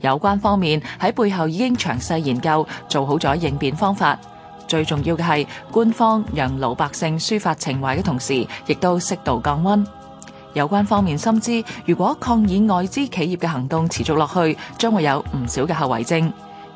有關方面喺背後已經詳細研究，做好咗應變方法。最重要嘅係，官方讓老百姓抒發情懷嘅同時，亦都適度降溫。有關方面深知，如果抗議外資企業嘅行動持續落去，將會有唔少嘅後遺症。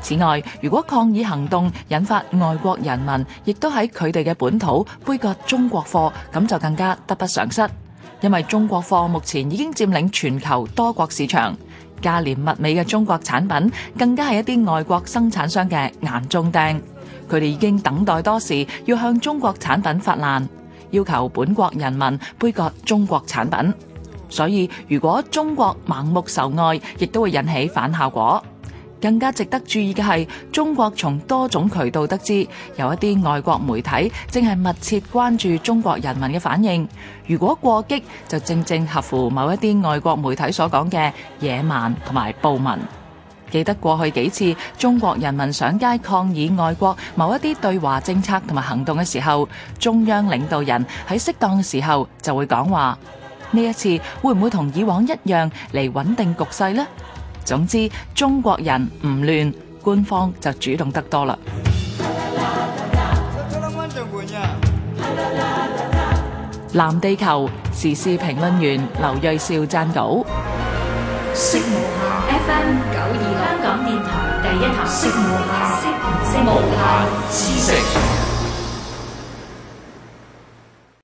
此外，如果抗議行動引發外國人民，亦都喺佢哋嘅本土杯葛中國貨，咁就更加得不償失。因為中國貨目前已經佔領全球多國市場，價廉物美的中國產品更加係一啲外國生產商的眼中釘。佢哋已經等待多時要向中國產品發難，要求本國人民杯葛中國產品。所以，如果中國盲目受愛，亦都會引起反效果。更加值得注意的是中國從多種渠道得知有一些外國媒體正是密切關注中國人民的反應如果過激就正正合乎某一些外國媒體所講的野蠻和暴民記得過去幾次中國人民上街抗議外國某一些對華政策和行動的時候中央領導人在適當的時候就會講話這一次會不會同以往一樣來穩定局勢呢總之，中國人唔亂，官方就主動得多啦。藍地球時事評論員劉銳紹撰稿。